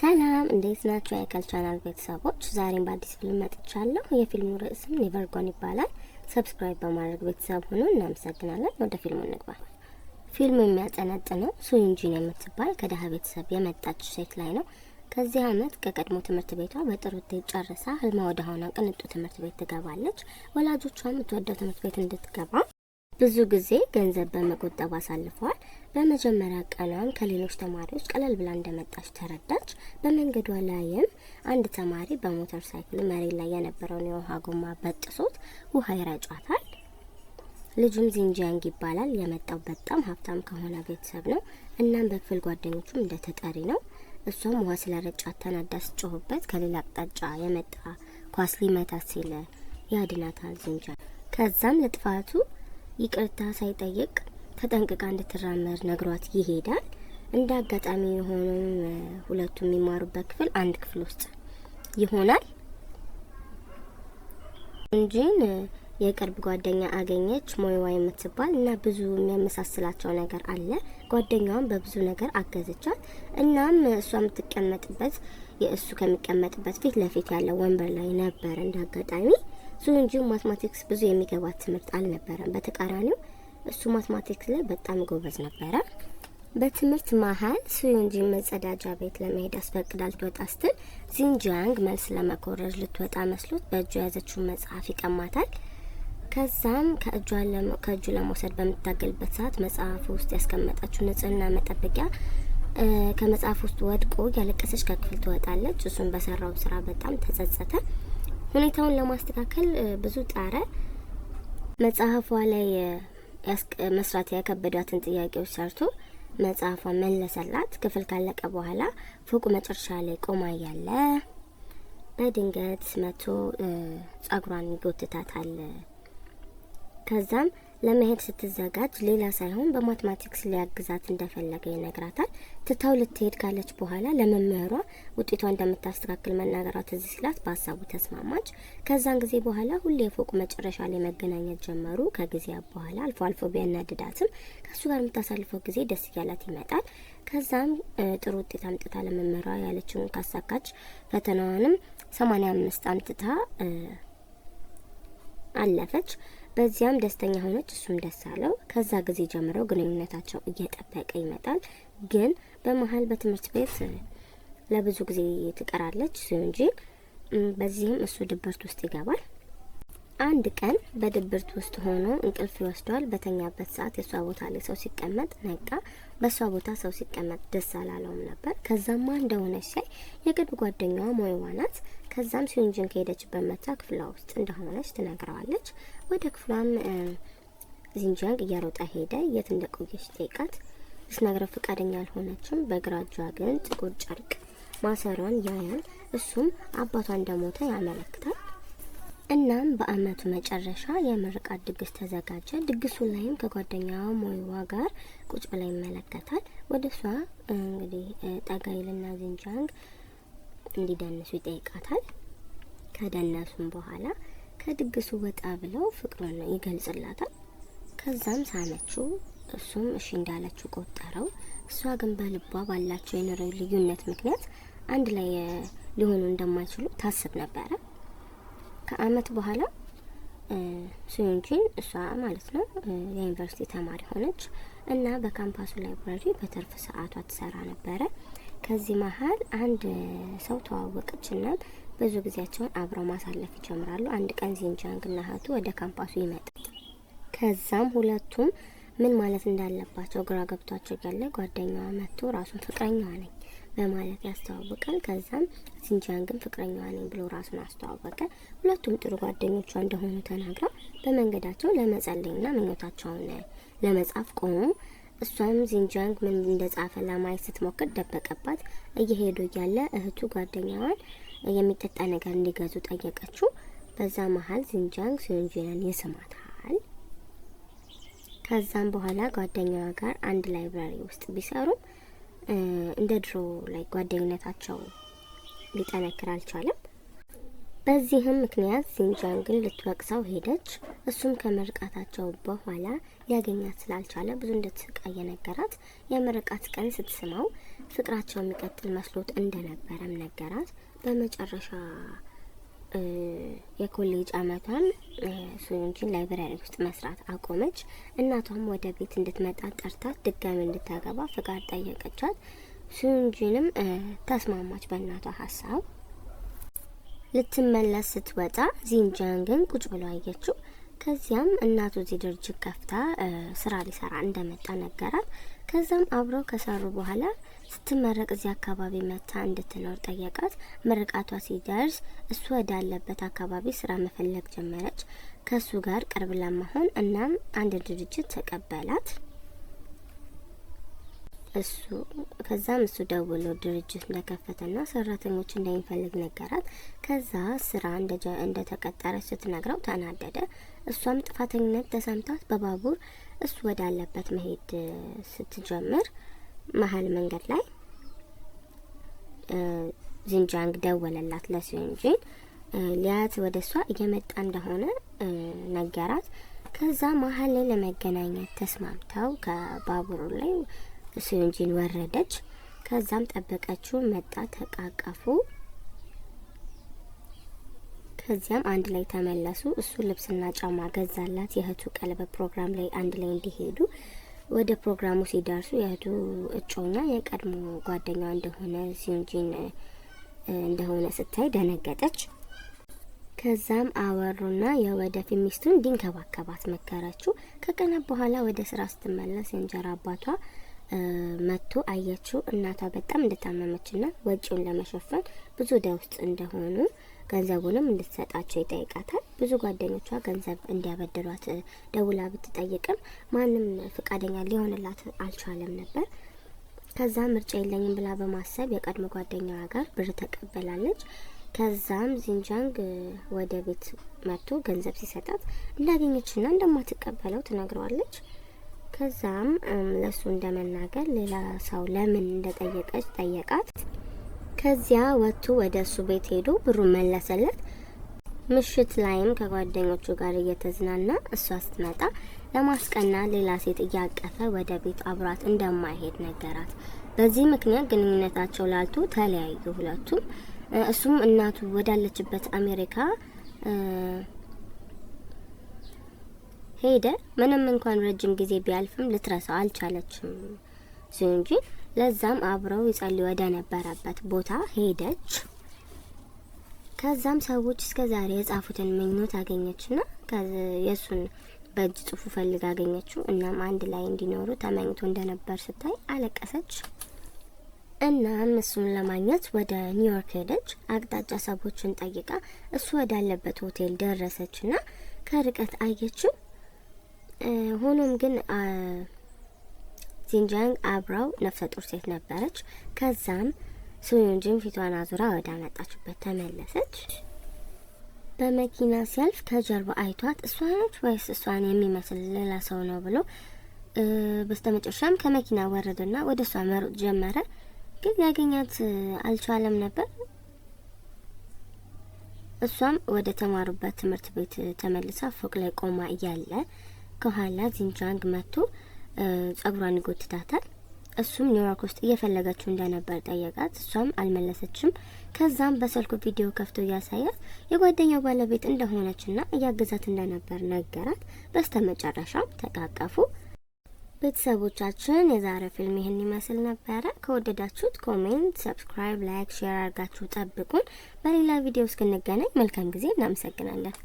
ሰላም እንዴት ናቸው? የአይከል ቻናል ቤተሰቦች ዛሬም በአዲስ ፊልም መጥቻለሁ። የፊልሙ ርዕስም ኔቨርጎን ይባላል። ሰብስክራይብ በማድረግ ቤተሰብ ሆኖ እናመሰግናለን። ወደ ፊልሙ እንግባ። ፊልሙ የሚያጠነጥነው ሱንጂን የምትባል ከድሀ ቤተሰብ የመጣች ሴት ላይ ነው። ከዚህ አመት ከቀድሞ ትምህርት ቤቷ በጥሩ ውጤት ጨርሳ ህልማ ወደ ሆነ ቅንጡ ትምህርት ቤት ትገባለች። ወላጆቿ የምትወደው ትምህርት ቤት እንድትገባ ብዙ ጊዜ ገንዘብ በመቆጠብ አሳልፈዋል። በመጀመሪያ ቀለም ከሌሎች ተማሪዎች ቀለል ብላ እንደመጣች ተረዳች። በመንገዷ ላይም አንድ ተማሪ በሞተር ሳይክል መሬት ላይ የነበረውን የውሃ ጎማ በጥሶት ውሃ ይረጫታል። ልጁም ዚንጂያንግ ይባላል። የመጣው በጣም ሀብታም ከሆነ ቤተሰብ ነው። እናም በክፍል ጓደኞቹም እንደ ተጠሪ ነው። እሷም ውሃ ስለረጫት ተናዳ ስጮህበት ከሌላ አቅጣጫ የመጣ ኳስ ሊመታ ሲል ያድናታል ዚንጂያንግ ከዛም ለጥፋቱ ይቅርታ ሳይጠይቅ ተጠንቅቃ እንድትራመድ ነግሯት ይሄዳል። እንደ አጋጣሚ የሆነም ሁለቱ የሚማሩበት ክፍል አንድ ክፍል ውስጥ ይሆናል። እንጂን የቅርብ ጓደኛ አገኘች፣ ሞይዋ የምትባል እና ብዙ የሚያመሳስላቸው ነገር አለ። ጓደኛዋም በብዙ ነገር አገዘቻት። እናም እሷ የምትቀመጥበት የእሱ ከሚቀመጥበት ፊት ለፊት ያለው ወንበር ላይ ነበር እንደ አጋጣሚ እሱ እንጂ ማትማቲክስ ብዙ የሚገባት ትምህርት አልነበረም። በተቃራኒው እሱ ማትማቲክስ ላይ በጣም ጎበዝ ነበረ። በትምህርት መሀል ሱዩንጂ መጸዳጃ ቤት ለመሄድ አስፈቅዳ ልትወጣ ስትል ዚንጂያንግ መልስ ለመኮረጅ ልትወጣ መስሎት በእጁ የያዘችውን መጽሐፍ ይቀማታል። ከዛም ከእጁ ለመውሰድ በምታገልበት ሰዓት መጽሐፍ ውስጥ ያስቀመጠችው ንጽህና መጠበቂያ ከመጽሐፍ ውስጥ ወድቆ ያለቀሰች ከክፍል ትወጣለች። እሱን በሰራው ስራ በጣም ተጸጸተ። ሁኔታውን ለማስተካከል ብዙ ጣረ። መጽሐፏ ላይ መስራት ያከበዷትን ጥያቄዎች ሰርቶ መጽሐፏ መለሰላት። ክፍል ካለቀ በኋላ ፎቁ መጨረሻ ላይ ቆማ እያለ በድንገት መቶ ጸጉሯን ይጎትታታል። ከዛም ለመሄድ ስትዘጋጅ ሌላ ሳይሆን በማትማቲክስ ሊያግዛት እንደፈለገ ይነግራታል። ትታው ልትሄድ ካለች በኋላ ለመምህሯ ውጤቷ እንደምታስተካክል መናገሯ ትዝ ሲላት በሀሳቡ ተስማማች። ከዛን ጊዜ በኋላ ሁሌ የፎቁ መጨረሻ ላይ መገናኘት ጀመሩ። ከጊዜያት በኋላ አልፎ አልፎ ቢያናድዳትም ከእሱ ጋር የምታሳልፈው ጊዜ ደስ እያላት ይመጣል። ከዛም ጥሩ ውጤት አምጥታ ለመምህሯ ያለችውን ካሳካች ፈተናዋንም ሰማኒያ አምስት አምጥታ አለፈች። በዚያም ደስተኛ ሆነች፣ እሱም ደስ አለው። ከዛ ጊዜ ጀምሮ ግንኙነታቸው እየጠበቀ ይመጣል። ግን በመሀል በትምህርት ቤት ለብዙ ጊዜ ትቀራለች እሱ እንጂ። በዚህም እሱ ድብርት ውስጥ ይገባል። አንድ ቀን በድብርት ውስጥ ሆኖ እንቅልፍ ይወስደዋል። በተኛበት ሰዓት የእሷ ቦታ ላይ ሰው ሲቀመጥ ነቃ። በእሷ ቦታ ሰው ሲቀመጥ ደስ አላለውም ነበር። ከዛማ እንደሆነች ሲያይ የቅርብ ጓደኛዋ ሞይዋ ናት። ከዛም ሲዩንጅን ከሄደችበት መታ ክፍሏ ውስጥ እንደሆነች ትነግረዋለች። ወደ ክፍሏም ዚንጃንግ እያሮጣ ሄደ። የት እንደቆየች ጠይቃት ልትነግረው ፍቃደኛ አልሆነችም። በግራ እጇ ግን ጥቁር ጨርቅ ማሰሯን ያያል። እሱም አባቷ እንደሞተ ያመለክታል። እናም በአመቱ መጨረሻ የምርቃት ድግስ ተዘጋጀ። ድግሱ ላይም ከጓደኛው ሞይዋ ጋር ቁጭ ብላ ይመለከታል። ወደ እሷ እንግዲህ ጠጋይልና ዚንጃንግ እንዲደንሱ ይጠይቃታል። ከደነሱም በኋላ ከድግሱ ወጣ ብለው ፍቅሩን ይገልጽላታል። ከዛም ሳመችው፣ እሱም እሺ እንዳለችው ቆጠረው። እሷ ግን በልቧ ባላቸው የኖረው ልዩነት ምክንያት አንድ ላይ ሊሆኑ እንደማይችሉ ታስብ ነበረ። ከአመት በኋላ ሱዩንጂን እሷ ማለት ነው የዩኒቨርሲቲ ተማሪ ሆነች እና በካምፓሱ ላይብራሪ በትርፍ ሰዓቷ ትሰራ ነበረ። ከዚህ መሀል አንድ ሰው ተዋወቀች እና ብዙ ጊዜያቸውን አብረው ማሳለፍ ይጀምራሉ። አንድ ቀን ዚንጃንግና እህቱ ወደ ካምፓሱ ይመጣል። ከዛም ሁለቱም ምን ማለት እንዳለባቸው ግራ ገብቷቸው ያለ ጓደኛዋ መጥቶ ራሱን ፍቅረኛዋ ነኝ በማለት ያስተዋውቃል። ከዛም ዚንጃንግን ፍቅረኛዋ ነኝ ብሎ ራሱን አስተዋወቀ። ሁለቱም ጥሩ ጓደኞቿ እንደሆኑ ተናግራ በመንገዳቸው ለመጸለይና ምኞታቸውን ለመጻፍ ቆሙ። እሷም ዚንጃንግ ምን እንደጻፈ ለማየት ስትሞክር ደበቀባት። እየሄዱ እያለ እህቱ ጓደኛዋን የሚጠጣ ነገር እንዲገዙ ጠየቀችው። በዛ መሀል ዚንጃንግ ሲንጂያን ይስማታል። ከዛም በኋላ ጓደኛዋ ጋር አንድ ላይብራሪ ውስጥ ቢሰሩም እንደ ድሮ ላይ ጓደኝነታቸው ሊጠነክር አልቻለም። በዚህም ምክንያት ዚንጃንግን ልትወቅሰው ሄደች። እሱም ከምርቃታቸው በኋላ ሊያገኛት ስላልቻለ ብዙ እንደተሰቃየ ነገራት። የምርቃት ቀን ስትስማው ፍቅራቸው የሚቀጥል መስሎት እንደነበረም ነገራት። በመጨረሻ የኮሌጅ አመቷን ሱንጂን ላይብራሪ ውስጥ መስራት አቆመች። እናቷም ወደ ቤት እንድትመጣ ጠርታት ድጋሚ እንድታገባ ፍቃድ ጠየቀቻት። ሱንጂንም ተስማማች በእናቷ ሀሳብ። ልትመለስ ስትወጣ ዚንጃን ግን ቁጭ ብሎ አየችው። ከዚያም እናቱ እዚህ ድርጅት ከፍታ ስራ ሊሰራ እንደመጣ ነገራት። ከዛም አብረው ከሰሩ በኋላ ስትመረቅ እዚህ አካባቢ መታ እንድትኖር ጠየቃት። ምርቃቷ ሲደርስ እሱ ወዳለበት አካባቢ ስራ መፈለግ ጀመረች። ከእሱ ጋር ቅርብ ለመሆን እናም አንድ ድርጅት ተቀበላት። እሱ ከዛም እሱ ደውሎ ድርጅት እንደከፈተና ሰራተኞች እንደሚፈልግ ነገራት። ከዛ ስራ እንደተቀጠረ ስትነግረው ተናደደ። እሷም ጥፋተኝነት ተሰምታት በባቡር እሱ ወዳለበት መሄድ ስትጀምር መሀል መንገድ ላይ ዝንጃንግ ደወለላት ለሲንጂን ሊያት ወደ እሷ እየመጣ እንደሆነ ነገራት። ከዛ መሀል ላይ ለመገናኘት ተስማምተው ከባቡሩ ላይ ስንጂን ወረደች። ከዛም ጠበቀችው፣ መጣ፣ ተቃቀፉ። ከዚያም አንድ ላይ ተመለሱ። እሱ ልብስና ጫማ ገዛላት። የእህቱ ቀለበት ፕሮግራም ላይ አንድ ላይ እንዲሄዱ ወደ ፕሮግራሙ ሲደርሱ የእህቱ እጮኛ የቀድሞ ጓደኛ እንደሆነ ሲንጂን እንደሆነ ስታይ ደነገጠች። ከዛም አወሩና የወደፊት ሚስቱን እንዲንከባከባት መከረችው። ከቀናት በኋላ ወደ ስራ ስትመለስ የእንጀራ አባቷ መጥቶ አያችው እናቷ በጣም እንደታመመችና ወጪውን ለመሸፈን ብዙ ወደ ውስጥ እንደሆኑ ገንዘቡንም እንድትሰጣቸው ይጠይቃታል። ብዙ ጓደኞቿ ገንዘብ እንዲያበድሯት ደውላ ብትጠይቅም ማንም ፈቃደኛ ሊሆንላት አልቻለም ነበር። ከዛ ምርጫ የለኝም ብላ በማሰብ የቀድሞ ጓደኛዋ ጋር ብር ተቀበላለች። ከዛም ዚንጃንግ ወደ ቤት መጥቶ ገንዘብ ሲሰጣት እንዳገኘችና እንደማትቀበለው ትነግረዋለች። ከዛም ለሱ እንደመናገር ሌላ ሰው ለምን እንደጠየቀች ጠየቃት። ከዚያ ወጥቶ ወደ እሱ ቤት ሄዶ ብሩን መለሰለት። ምሽት ላይም ከጓደኞቹ ጋር እየተዝናና እሷ ስትመጣ ለማስቀና ሌላ ሴት እያቀፈ ወደ ቤት አብራት እንደማይሄድ ነገራት። በዚህ ምክንያት ግንኙነታቸው ላልቶ ተለያዩ ሁለቱም። እሱም እናቱ ወዳለችበት አሜሪካ ሄደ። ምንም እንኳን ረጅም ጊዜ ቢያልፍም ልትረሳው አልቻለችም። ሲሆን እንጂ ለዛም አብረው ይጸልዩ ወደ ነበረበት ቦታ ሄደች። ከዛም ሰዎች እስከ ዛሬ የጻፉትን ምኞት አገኘችና የእሱን በእጅ ጽፉ ፈልጋ አገኘችው። እናም አንድ ላይ እንዲኖሩ ተመኝቶ እንደነበር ስታይ አለቀሰች። እናም እሱን ለማግኘት ወደ ኒውዮርክ ሄደች። አቅጣጫ ሰዎችን ጠይቃ እሱ ወዳለበት ሆቴል ደረሰችና ከርቀት አየችው። ሆኖም ግን ዚንጃንግ አብራው ነፍሰ ጡር ሴት ነበረች። ከዛም ሱዩንጂን ፊቷን አዙራ ወደ አመጣችበት ተመለሰች። በመኪና ሲያልፍ ከጀርባ አይቷት እሷ ነች ወይስ እሷን የሚመስል ሌላ ሰው ነው ብሎ በስተመጨረሻም ከመኪና ወረደና ወደ እሷ መሮጥ ጀመረ። ግን ሊያገኛት አልቻለም ነበር። እሷም ወደ ተማሩበት ትምህርት ቤት ተመልሳ ፎቅ ላይ ቆማ እያለ ከኋላ ዚንጃንግ መጥቶ ጸጉሯን ይጎትታታል። እሱም ኒውዮርክ ውስጥ እየፈለገችው እንደነበር ጠየቃት። እሷም አልመለሰችም። ከዛም በስልኩ ቪዲዮ ከፍቶ እያሳያት የጓደኛው ባለቤት እንደሆነችና እያገዛት እንደነበር ነገራት። በስተመጨረሻ ተቃቀፉ። ቤተሰቦቻችን የዛሬ ፊልም ይህን ይመስል ነበረ። ከወደዳችሁት ኮሜንት፣ ሰብስክራይብ፣ ላይክ፣ ሼር አድርጋችሁ ጠብቁን። በሌላ ቪዲዮ እስክንገናኝ መልካም ጊዜ። እናመሰግናለን።